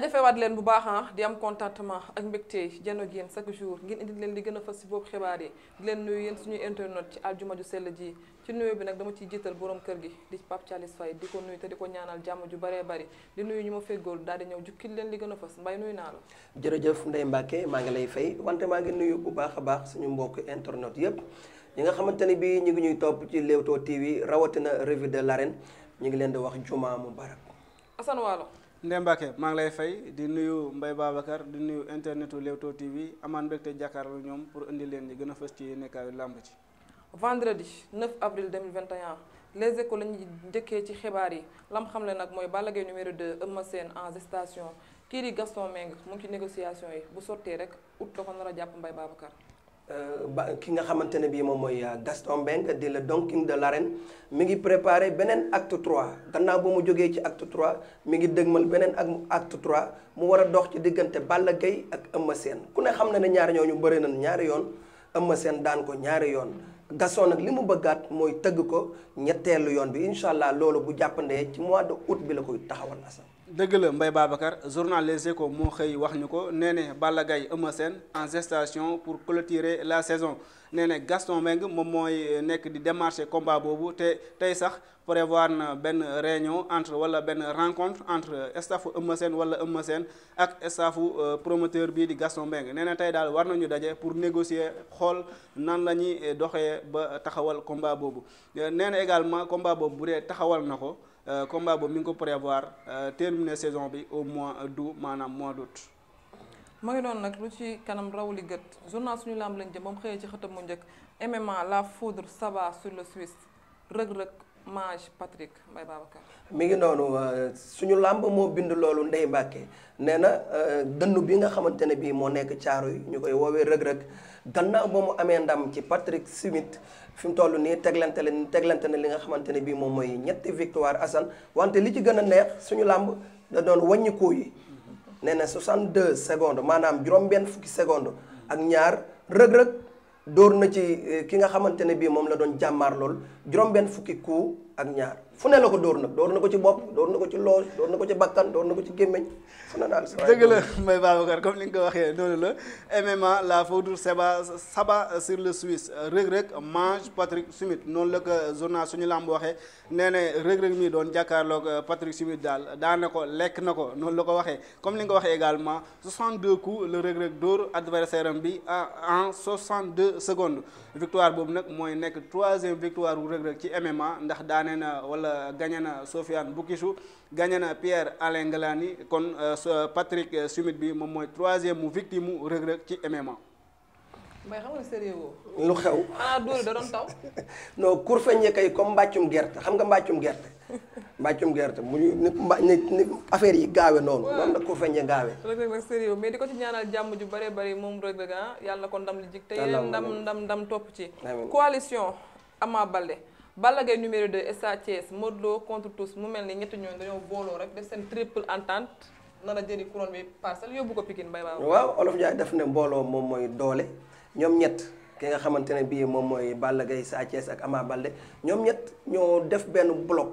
jaajëfewaat leen bu baax ah, di am contentement ak mbégte jano ak yéen chaque jour ngeen indi leen li gën a fas si boobu xibaar yi leen nuyu yéen suñuy internet ci aljuma ju ji ci nuyu bi nag dama ciy jiital borom kër gi di Pape Thialis di ko nuyu te di ko ñaanal jàmm ju baree bari di nuyu ñu ma feggool daal di ñëw jukkil leen li gën a fas mbay nuyu naa la jërëjëf Ndeye Mbacke maa ngi lay fay wante maa ngi nuyu bu baax a baax suñu mbokk internet yépp ñi nga xamante ni bii ñu ngi ñuy topp ci léetoo TV rawatina revue de l'arène ñu ngi leen di wax juma mubarak Assane Waalo Ndeye maa ngi lay fay di nuyu Mbaye Babacar di nuyu internetu Leewtoo TV amaan mbégte jàkkaarloo ñoom pour indi leen ñi gën a fës ci yéenekaayu làmb ci vendredi 9 avril 2021 les échos la ñuy njëkkee ci xibaar yi lam xam le nag mooy Balla Gaye numéro 2 Eumeu Sène en station kii di Gaston Mbengue mu ngi ci négociation yi bu sottee rek ut la ko a jàpp mbay Babacar Euh, ba ki nga xamante ne bii moom mooy euh, Gaston Mbengue di la Don King de l'arène mi ngi préparé beneen acte 3 gannaaw bu mu jógee ci acte 3 mi ngi dëgmal beneen ak acte 3 mu war a dox ci diggante Balla Gaye ak Eumeu seen ku ne xam na ne ñaari ñooñu bëri nañ ñaari yoon Eumeu Sène daan ko ñaari yoon Gaston nag li mu bëggaat mooy tëgg ko ñetteelu yoon bi incha allah loolu bu jàppandee ci mois de août bi la koy taxawal asal dëgg la mbay Babacar journal Les Échos moo xëy wax ñu ko nee ne Balla Gaye Eumeu Sène en gestation pour clôturer la saison nee ne Gaston Mbengue moom mooy nekk di démarché komba boobu te tey sax prévoir na benn réunion entre wala benn rencontre entre staffu Eumeu Sène wala Eumeu Sène ak staffu euh, promoteur bii di Gaston Mbengue nee na tey daal war nañu daje pour négocier xool nan la ñuy doxee ba taxawal combat boobu euh, nee na également combat boobu bu dee taxawal na ko. Euh, combat boobu mi ngi ko prévoir euh, terminer saison bi au mois d'août maanaam mois d'août ma ngi doon nag lu ci kanam rawli gët journal suñu lamb lañ jëm moom xëyee ci xëtam mu njëkk MMA la foudre s'abat sur le Suisse rëg-rëg Mage Patrick Mbaye mi ngi noonu euh, suñu làmb moo bind loolu Ndeye Mbacke nee na euh, dënn bi nga xamante ne bii moo nekk caaro yi ñu koy woowee rëg-rëg gannaaw ba mu amee ndam ci Patrick Smith fi mu toll nii teglante teglante na li nga xamante ne bii moom mooy ñetti victoire assan wante li ci gën a neex suñu làmb da doon wàññiku yi nee na 62 secondes maanaam juróom-benn fukki secondes ak ñaar rëg-rëg dóor na ci euh, ki nga xamante ne bii moom la doon jàmmaar lool juróom-benn fukki coup. ak ñaar fu ne la ko dóor nag dóor na ko ci bopp dóor na ko ci lool dóor na ko ci bakkan dóor na ko ci gémmiñ fu ne daal dëgg la Mbaye Babacar comme ni nga ko waxee noonu la MMA la foudre la ko journal suñu làmb waxee nee ne rëg-rëg mii doon jàkkaarloog euh, Patrick Sumit daal daan na ko lekk na ko noonu la ko waxee comme ni nga ko waxee également 62 coups le rëg-rëg dóor adversaire am bi euh, en 62 secondes victoire boobu nag mooy nekk troisième victoire wu rëg-rëg ci gagné na Sofiane Boukissou gagné na Pierre Alain Ngalani kon euh, Patrick euh, Sumit bi moom mooy troisième mu victime mu Reug Reug ci MMA. xam nga sérieux lu xew ah da doon taw. non comme mbàccum gerte xam nga mbàccum gerte mbàccum gerte mu ñu ni mba yi gaawe noonu. noonu la kur feññee gaawee. Reug Reug mais di ko ci ñaanal jàmm ju bëree bëri moom Reug Reug ah yàlla ko ndam li jig te ndam ndam ndam topp ci. coalition Ama Baldé. Balla Gaye numéro 2 Sa Thiès Modou Lo contre mu mel ni ñetti ñooñu dañoo booloo rek def seen triple entente nar a jëri couronne bi parcelle yóbbu ko Pikine bay waaw waaw olof Ndiaye def ne mbooloo moom mooy doole ñoom ñett ki nga xamante ne bii moom mooy Balla Gaye Sa Thiès ak Ama Baldé ñoom ñett ñoo def benn bloc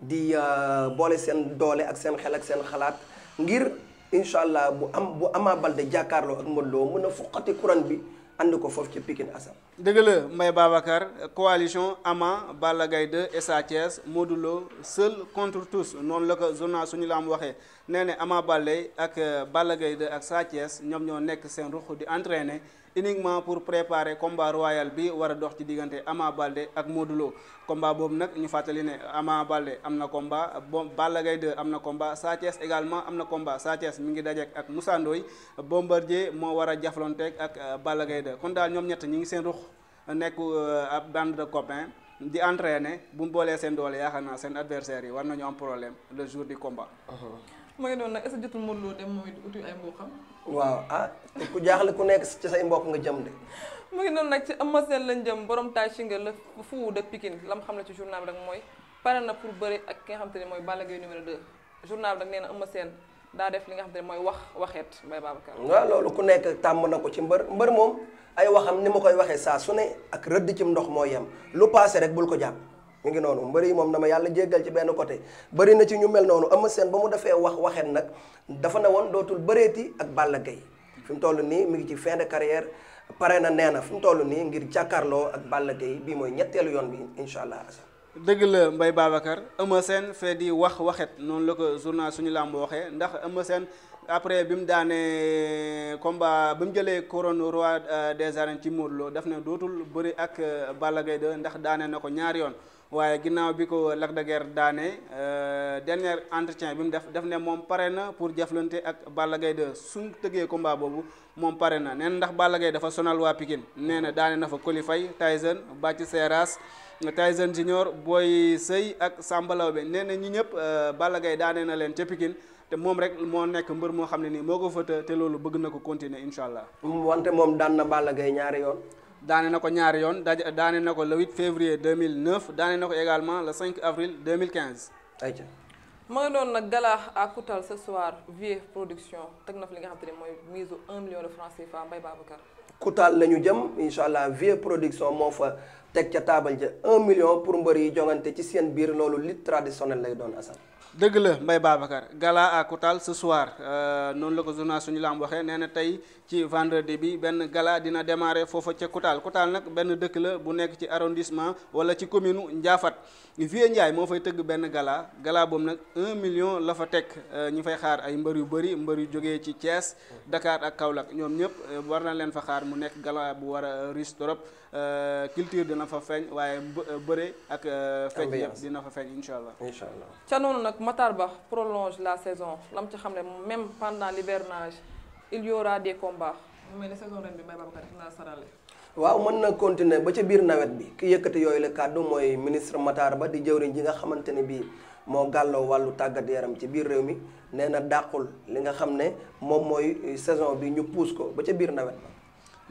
di euh, boole seen doole ak seen xel ak seen xalaat ngir incha allah bu am bu Ama Baldé jàkkaarloo ak Modou Lo mën a fuqati couronne bi. ànd ko foofu ci Pikine Assane. dëgg la Mbaye Babacar coalition Ama Balla Gaye 2 et Sa Thiès contre tous noonu la ko journal suñu la am waxee nee ne Ama Balla ak euh, Balla Gaye 2 ak Sa ñoom ñoo nekk seen ruq di entraîner. uniquement pour préparer combat royal bi war a dox ci diggante Ama Baldé ak Modou Lo combat boobu nag ñu fàttali ne Ama Baldé am na combat bon Balla Gaye 2 am na combat Sa Thiès également am na combat Sa Thiès mi ngi dajeek ak Moussa Ndoye Bombardier moo war a jaflonteeg ak euh, Balla Gaye 2 kon daal ñoom ñett ñi ngi seen rux nekk euh, ab de copains di entraîner bu mu boolee seen doole yaakaar naa seen adversaire yi war nañu am problème le jour di combat. Uh-huh. waaw ah te ku jaaxle ku nekk ci say mbokk nga jëm de. mu ngi noonu nag ci Eumeu Sène lañ jëm borom taay si nga la fu de Pikine lam xam ne ci journal bi rek mooy pare na pour bëri ak ki nga xam te ne mooy Balla Gaye numéro 2 journal bi da nee na Eumeu seen daa def li nga xam te ne mooy wax waxeet Mbaye Babacar. waaw loolu ku nekk tàmm na ko ci mbër mbër moom ay waxam ni ma koy waxee saa su ne ak rëdd ci ndox moo yem lu paase rek bul ko jàpp. mu ngi noonu mbëri yi moom dama yàlla jéggal ci benn côté bëri na ci ñu mel noonu Eumeu Sène ba mu defee wax waxet nag dafa ne woon dootul bëreeti ak Balla Gaye fi mu toll nii mu ngi ci fin de carrière pare na nee na fi mu toll nii ngir jàkkaarloo ak Balla Gaye bii mooy ñetteelu yoon bi incha allah. dëgg la mbay Babacar Eumeu Sène fee di wax waxet noonu la ko journal suñu làmb waxee ndax Eumeu Sène après bi mu daanee euh, combat bi mu jëlee couronne roi euh, des arènes ci Modou Lo daf ne dootul bëri ak euh, Balla Gaye 2 ndax daanee na ko ñaari yoon waaye ginnaaw bi ko Lac de Guiers daanee dernier entretien bi mu def daf ne moom pare na pour jaflante ak Balla Gaye suñ tëggee combat boobu moom pare na nee ndax Balla dafa sonal waa Pikine nee na daane na fa Coly Faye Tyson Bathie Seras Tyson Junior booy Sey ak Samba Laobé nee na ñi ñëpp Balla Gaye daane na leen ca Pikine te moom rek moo nekk mbër moo xam ne nii moo ko fa te loolu bëgg na ko continuer incha allah. wante moom daan na Balla Gaye ñaari yoon. daane na ko ñaari yoon daj daane na ko le 8 février 2009 daane na ko également le 5 avril 2015. ayca. ma ngi doon nag gala à Koutal ce soir Vieux production teg na fa li nga xam te ne mooy mise au 1 million de francs CFA Mbaye Babacar. Koutal la ñu jëm incha allah Vieux production moo fa teg ca taabal ja pour mbër yi jongante ci seen biir loolu lutte traditionnelle lay doon asal. dëgg la Mbaye Babacar gala à Koutal ce soir euh, noonu la ko journal suñu laam waxee nee na tey ci vendredi bi benn gala dina démarrer foofa ca Koutal Koutal nag benn dëkk la bu nekk ci arrondissement wala ci commune Ndiafate Vieux Ndiaye moo fay tëgg benn gala galaa boobu nag un million la fa teg euh, ñu fay xaar ay mbër yu bëri mbër yu jógee ci Thiès Dakar ak Kaolack ñoom ñëpp euh, war na leen fa xaar mu nekk gala bu war a riche trop euh, culture dina fa feeñ waaye bëre ak feeñ yëpp dina fa feeñ incha allah incha allah ca noonu nag Matar Ba prolonge la saison lam ci xam ne même pendant livernage il y aura des waaw mën na continuer ba ca biir nawet bi ki yëkkati yooyu la kàddu mooy ministre Matar Ba di jëw jëwriñ ji nga xamante ne bii moo gàlloo wàllu tàggat yaram ci biir réew mi nee na dàqul li nga xam ne moom mooy saison bi ñu puus ko ba ca biir nawet ba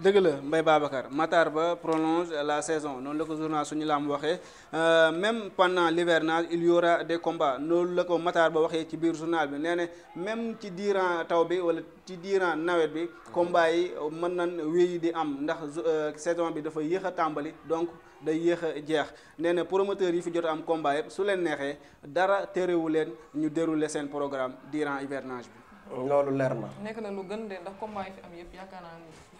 dëgg la Mbaye Babacar Matar Ba prolonge la saison noonu la ko journal suñu laam waxee euh, même pendant l'hivernage il y aura des combats noonu la ko Matar Ba waxee ci biir journal bi nee na même ci diiran taw bi wala ci diiran nawet bi combat yi mën nañ wéy di am ndax euh, saison bi dafa yéex a tàmbali donc day yéex a jeex nee na promoteurs yi fi jot am combat yëpp su leen neexee dara terewu leen ñu dérouler seen programme diiran hivernage bi. loolu leer na.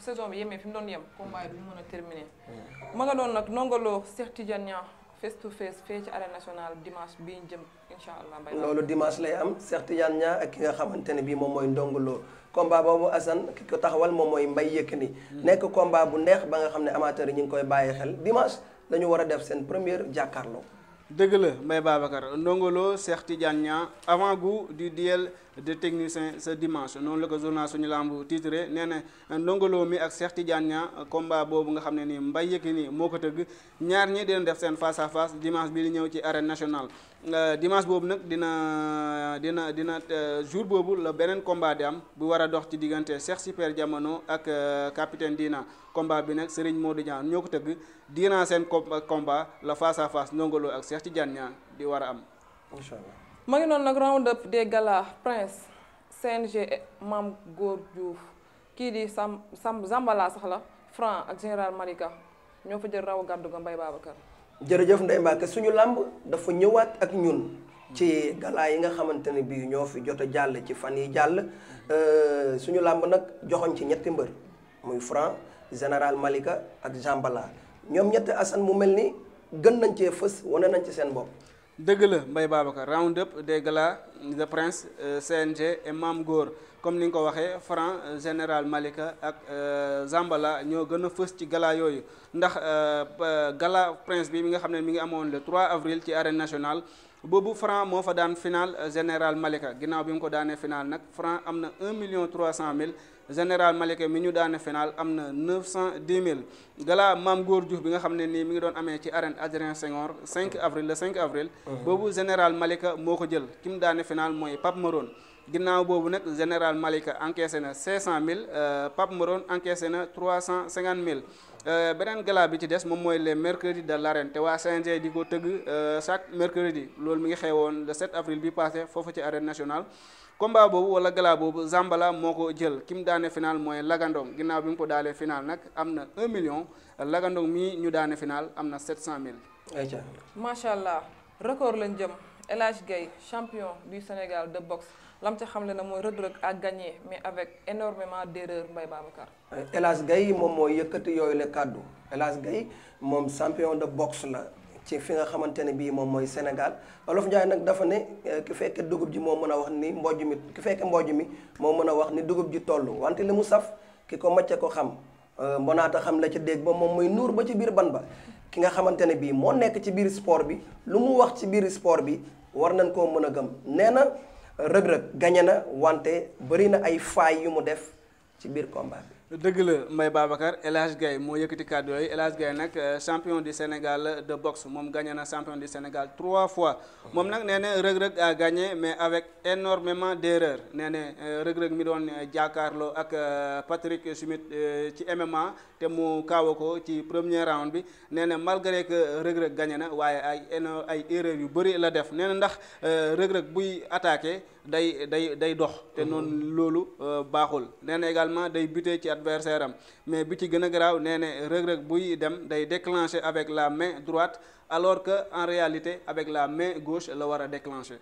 saison bi yemee fi mu doon yem combat yi du a terminer. Hmm. ma nga doon nag nongolo Cheikh Tidiane Niang face to face fee ci arène nationale dimanche bi jëm incha allah. mbay loolu dimanche lay am Cheikh Tidiane Niang ak ki nga xamante ne bii moom mooy ndongolo combat boobu Assane ki ko taxawal moom mooy mbay Mbaye ni hmm. nekk combat bu neex ba nga xam ne amateur yi ñu ngi koy bàyyi xel dimanche la ñu war a def seen première jàkkaarloo. dëgg la mbay Babacar Ndongo Lo Cheikh Tidiane avant-goût di duel de technicien ce dimanche noonu la ko journal suñu lamb titré nee na ndongoloo Lo mi ak Cheikh Tidiane Niang combat boobu nga xam ne nii Mbaye Yékini moo ko tëgg ñaar ñi dina def seen face à face dimanche bi di ñëw ci arène national Euh, dimanche boobu nag dina dina dina euh, jour boobu la beneen combat di am bu war a dox ci diggante Cheikh Super Jamono ak euh, capitaine diina combat bi nag Serigne Modou Niang ñoo ko tëgg Dina seen combat la face à face Ndongo ak Cheikh Tidiane Niang di war a am. incha allah ngi noonu nag round up de galas Prince CNG Mame Gor Diouf kii di Sam Sam Zambala sax la Franc ak général Malika ñoo fa jël raw gàddu ga Mbaye Babacar. jërëjëf Ndeye Mbacke suñu làmb dafa ñëwaat ak ñun ci galaa yi nga xamante ne bii ñoo fi jot jàll ci fan yi jàll euh, suñu làmb nag joxoñ ci ñetti mbër muy Franc général Malika ak Jambala ñoom ñetti Assane mu mel ni gën nañ cee fës wane nañ ci seen bopp. dëgg la Mbaye Babacar round up des galas de prince euh, CNG et Mame Gor. comme ni nga ko waxee Franc euh, général Malika ak euh, Zambala ñoo gën a fës ci gala yooyu ndax euh, gala prince bi mi nga xam ne mi ngi amoon le trois avril ci arène nationale boobu Franc moo fa daan final général Malika ginnaaw bi mu ko daanee final nag Franc am na 1 million 300 mille général Malika mi ñu daane final am na 910 mille gala maam Góor Diouf bi nga xam ne nii mi ngi doon amee ci arène Adrien Senghor 5 avril le 5 avril. boobu général Malika moo ko jël ki mu daane final mooy Pape Maroon. ginnaaw boobu nag général Malika encaissé na 500000 euh, Pape Morone encaissé na 350000 euh, beneen gala bi ci des moom mooy les mercredis de l'arène te waa CNG di ko tëgg euh, chaque mercredi loolu mi ngi xewoon le 7 avril bi passé foofu ci arène nationale. combat boobu wala gala boobu Zambala moo ko jël ki mu daane final mooy Lagandong ginnaaw bi mu ko daalee final nag am na 1 million Lagandong mii ñu daane final am na 700000. ayca macha allah record lañ jëm El Hadj Gueye champion Sénégal de boxe. lam ca xam le na mooy Reug Reug a gagné mais avec énormément d'erreur Mbaye Babacar euh, El Hadj Gaye moom mooy yëkkati yooyu le kàddu El Hadj moom champion de boxe la ci fi nga xamante ne bii moom mooy Sénégal Olof Njaay nag dafa ne euh, ki fekke dugub ji moo mën a wax ni mbojj mi ki fekke mbojj mi moo mën a wax ni dugub ji toll wante li mu saf ki ko macce ko xam euh, mbonaata xam la ci dégg ba moom muy nuur ba ci biir ban ba ki nga xamante ne bii moo nekk ci biir sport bi lu mu wax ci biir sport bi war nañ koo mën a gëm nee na rëg-rëg gañe na wante bëri na ay faay yu mu def ci biir combat bi dëgg la may Babacar El Hadj moo yëkkati kàddu yooyu El Hadj Gaye nag euh, champion du Sénégal de box moom gagné na champion du Sénégal trois fois moom nag nee na Reug Reug a gagné mais avec énormément d'erreurs nee na euh, Reug Reug mi doon euh, jàkkaarloo ak Patrick Sumit ci MMA te mu kaawa ci premier round bi nee na malgré que Reug Reug gagné na waaye ay ay erreurs yu bëri la def nee ndax Reug Reug buy attaque day day day dox te mhm. noonu loolu euh, baaxul nee na également day buté ci adversaire am mais bi ci gën a garaaw nee na rëg-rëg buy dem day déclencher avec la main droite alors que en réalité avec la main gauche la war a déclencher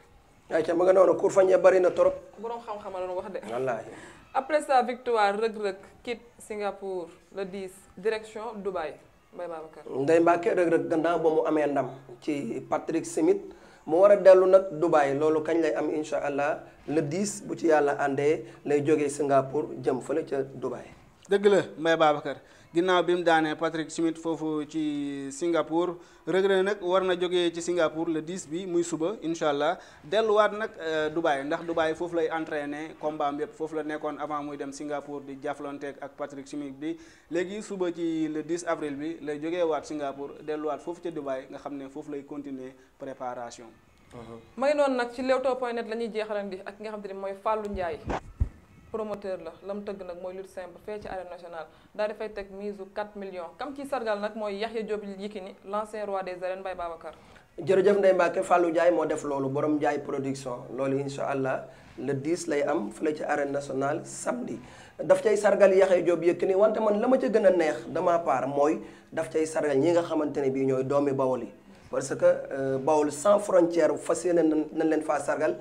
ay ca ma nga noonu kur fañe bari na torop boroom xam-xam la doon wax de wallaahi après sa victoire rëg-rëg quitte Singapour le 10 direction Dubaï Mbaye Babacar Ndeye Mbacke rëg-rëg gannaaw ba mu amee ndam ci Patrick Smith mu war a dellu nag Dubaay loolu kañ lay am incha allah le 10 bu ci yàlla àndee lay jógee Singapour jëm fële ca Dubaay. dëgg la Mbaye Babacar ginnaaw bi mu daanee Patrick Schmidt foofu ci Singapour regret nag war na jógee ci Singapour le 10 bi muy suba incha allah delluwaat nag euh, Dubaay ndax Dubaay foofu lay entraîné combat am yëpp foofu la nekkoon avant muy dem Singapour di jaflanteeg ak Patrick Schmidt bi léegi suba ci le 10 avril bi lay jógee waat Singapour delluwaat foofu ca Dubaay nga xam ne foofu lay continuer préparation. Uh-huh. ma ngi noonu nag ci Leewtoo point net la ñuy jeexalandi ak nga xam te ne mooy Fallou Ndiaye. promoteur la lam tëgg nag mooy lutte simple fee ci arène nationale daal dafay teg mise u 4 millions kam ci sargal nag mooy Yaxya Diop Yékini l'ancien roi des arènes Baye Babacar jërëjëf Ndeye Mbacke Fallou Ndiaye moo def loolu borom Ndiaye production loolu incha allah le 10 lay am fu la ci arène nationale samedi daf cay sargal Yaxya Diop Yékini wante man la ma ca gën a neex dama part mooy daf cay sargal ñi nga xamante ne bii ñooy doomi Bawol yi parce que euh, Bawol sans frontière fas yéene nañ leen faa sargal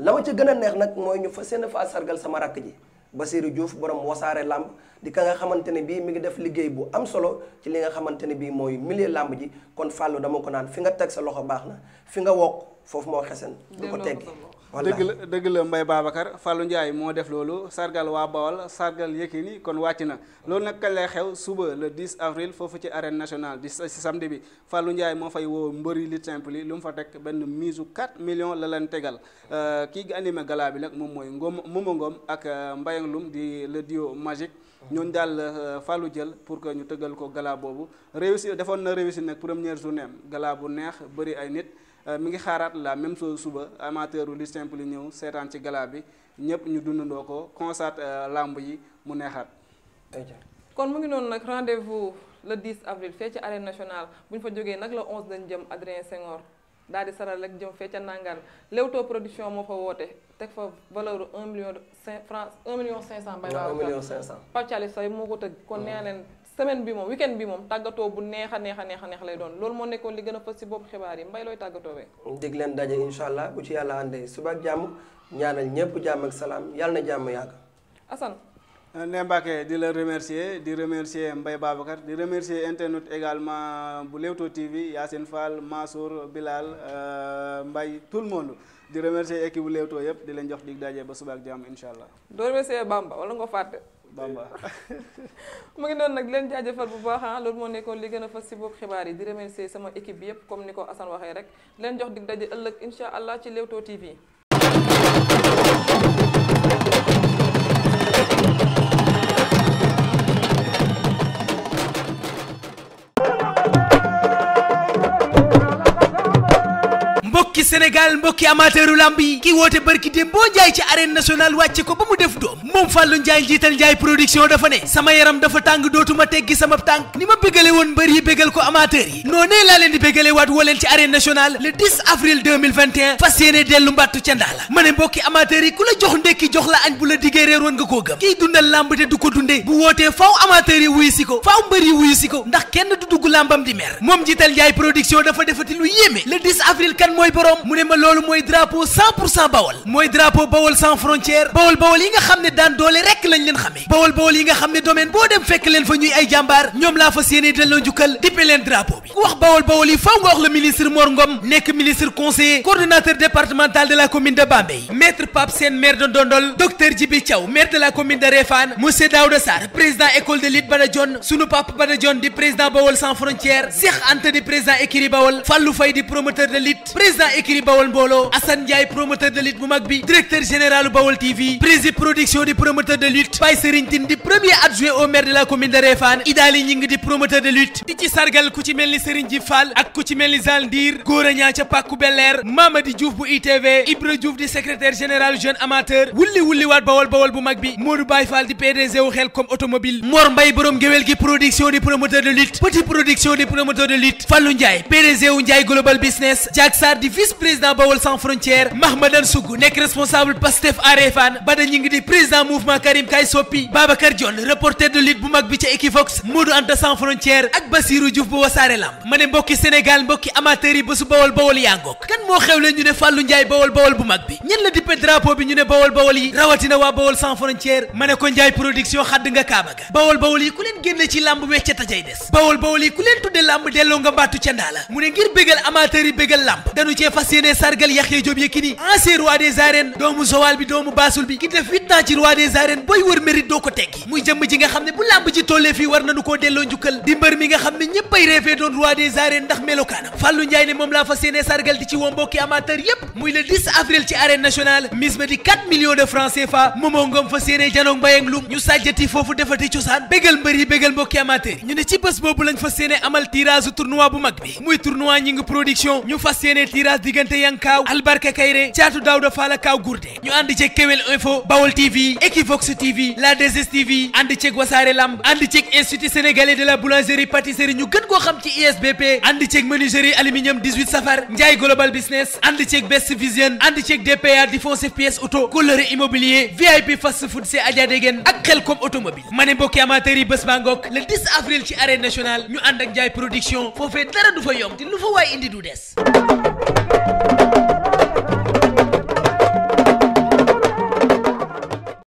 la ma ca gën a neex nag mooy ñu fa seen faa sargal sama rakk ji Basirou Diouf borom wasaare làmb di ka nga xamante ne bii mi ngi def liggéey bu am solo ci li nga xamante ne bii mooy milieu làmb ji kon fàllu dama ko naan fi nga teg sa loxo baax na fi nga wokk foofu moo xesen di ko teggi dëgg la dëgg la mbay Babacar Fallou Ndiaye moo def loolu sargal waa Bawal sargal ni kon wàcc na loolu nag kañ lay xew suba le 10 avril foofu ci arène nationale di si samedi bi Fallou Ndiaye moo fay woo mbëri li simple yi lu mu fa teg benn mise 4 millions la leen tegal euh, kii animé galaa bi nag moom mooy ngoom Momo Ngom ak euh, Mbayang Loum di le duo magique ñooñu daal euh, Fallou jël pour que ñu tëggal ko galaa boobu réussir defoon na réussir nag première journée am bu neex bëri ay nit Euh, mi ngi xaaraat la même chose suba amateur lu ñëw seetaan ci gala bi ñëpp ñu dundandoo ko constat euh, làmb yi mu neexaat. kon mu ngi noonu nag rendez-vous le 10 avril fee ci arène nationale bu ñu fa jógee nag le 11 dañ jëm Adrien Senghor daal di saral rek jëm fee ca Nangar Leewtoo production moo fa woote teg fa valeur un million de cinq un million cinq cent. mbay waaw un million cinq cent. moo ko tëgg kon nee leen. semaine bi moom weekend bi moom tàggatoo bu neex a neex a neex a neex lay doon loolu moo nekkoon li gën a fës si boobu xibaar yi mbay looy tàggatoo bee dig leen daje incha bu ci yàlla àndee ak salaam yàlla na jàmm yàgg Assane euh, ne Mbacke di la remercier di remercier mbay Babacar di remercier internet également bu Leewtoo TV Yacine Fall Mansour Bilal euh, mbay tout le monde di remercier équipe bu Leewtoo yëpp di leen jox dig daje ba suba ak jàmm incha allah. doo remercier Bamba wala nga Bamba mu ngi noonu nag leen jaajëfal bu baax ah loolu moo nekkoon li gën a fas si bopp xibaar yi di remercier sama équipe bi yëpp comme ni ko Assane waxee rek leen jox dig daje ëllëg incha allah ci Leewtoo TV. Sénégal mbokki amateuru lamb yi ki woote bërki dém boo njaay ci arène nationale wàcce ko ba mu def doom moom Fallou Ndiaye njiital Ndiaye production dafa ne sama yaram dafa tàng dootuma teggi sama tànk ni ma bégale woon mbër yi bégal ko amateur yi noonee laa leen di bégale waat woo leen ci arène nationale le 10 avril 2021 fas yéene dellu mbàttu ca ndaa la ma ne mbokki amateur yi ku la jox ndekki jox la añ bu la diggee réer woon nga koo gëm kiy dundal lamb te du ko dundee bu wootee faw amateur yi si ko faaw mbër yi wuyu si ko ndax kenn du lambam di mer moom njiital Ndiaye production dafa defati lu yéeme mu ne ma loolu mooy drapeau 100 pour cent bawal mooy drapeau bawal sans frontière bawal bawal yi nga xam ne daan doole rek lañ leen xamee bawal bawal yi nga xam ne domaine boo dem fekk leen fa ñuy ay jàmbaar ñoom laa fa séenee dal la njukkal dippe leen drapeau bi wax bawal bawal yi faw nga wax le ministre Mor nekk ministre conseiller coordonnateur départemental de la commune de Bambey maître Pape Sène maire de Ndondol docteur Djibi Thiaw maire de la commune de Réfane monsieur Daouda école de lutte Badajon sunu papa Badajon di président bawal sans frontière Cheikh Anta di président écurie bawal Fallou Faye di écrit bawal mbooloo Assane Ndiaye promoteur de lutte bu mag bi directeur général bawal TV président production di promoteur de lutte Baye Serigne Tine di premier adjoint au de la commune de Réfane Idali Ñing di promoteur de lutte di ci sargal ku ci mel ni Serigne Djib Fall ak ku ci mel ni Zal Ndir Gora Ñaa ca Pàkku Bel-Air Mamadi Diouf bu ITV Ibra Diouf di secrétaire général jeune amateur wulli wulli waat bawal bawal bu mag bi Modou Baye di PDG wu Xelcom président Bawol sans frontière Mahmadan Sougou nekk responsable Pastef Arefan Bada ñi ngi di président mouvement Karim Kay Soppi Babacar Dione reporter de lutte bu mag bi ca Equivox Modou Anta sans frontière ak Basirou Diouf bu Wassare Lamb ma ne mbokki Sénégal mbokki amateur yi bésu Bawol Bawol yaa ngoog kan moo xew le ñu ne Fallou Ndiaye Bawol Bawol bu mag bi ñen la dippe drapeau bi ñu ne Bawol Bawol yi rawatina waa Bawol sans frontière ma ne ko Ndiaye production xadd nga kaaba ga Bawol Bawol yi ku leen génne ci làmb wecce ta cay ku leen tudde làmb delloo nga mbattu ca ndaa la mu ne ngir bégal amateur yi fas yéene sargal Yaxya Joob Yékini ancien roi des arènes doomu Joal bi doomu Baasul bi ki def temps ci roi ba di 4 millions de francs CFA moomoo ngoom fas yéene janoog mbayeng lum ñu sàjjati foofu defati cosaan bégal mbër yi bégal mbokki amateur ñu ne ci bés boobu lañ fas yéene amal tirage tournoi bu mag bi muy tournoi ñi ngi production ñu fas yéene tirage diggante yankaaw albarka kayre caatu daawda faala kaaw gourde ñu ànd ci kewel info bawol TV Equivox TV la 2STV ànd ceeg wasaare lamb ànd ceeg institut sénégalais de la boulangerie pâtisserie ñu gën koo xam ci ISBP ànd ceeg menuiserie aluminium safar Ndiaye global business ànd ceeg best vision ànd ceeg DPA défense pièce auto couleur immobilier VIP fast food c'est Adja Degen ak Xelkom automobile ma ne mbokki amateur yi bés baa ngoog avril ci arène nationale ñu ànd ak Ndiaye production foofee dara du fa yomb te lu fa waay indi du des.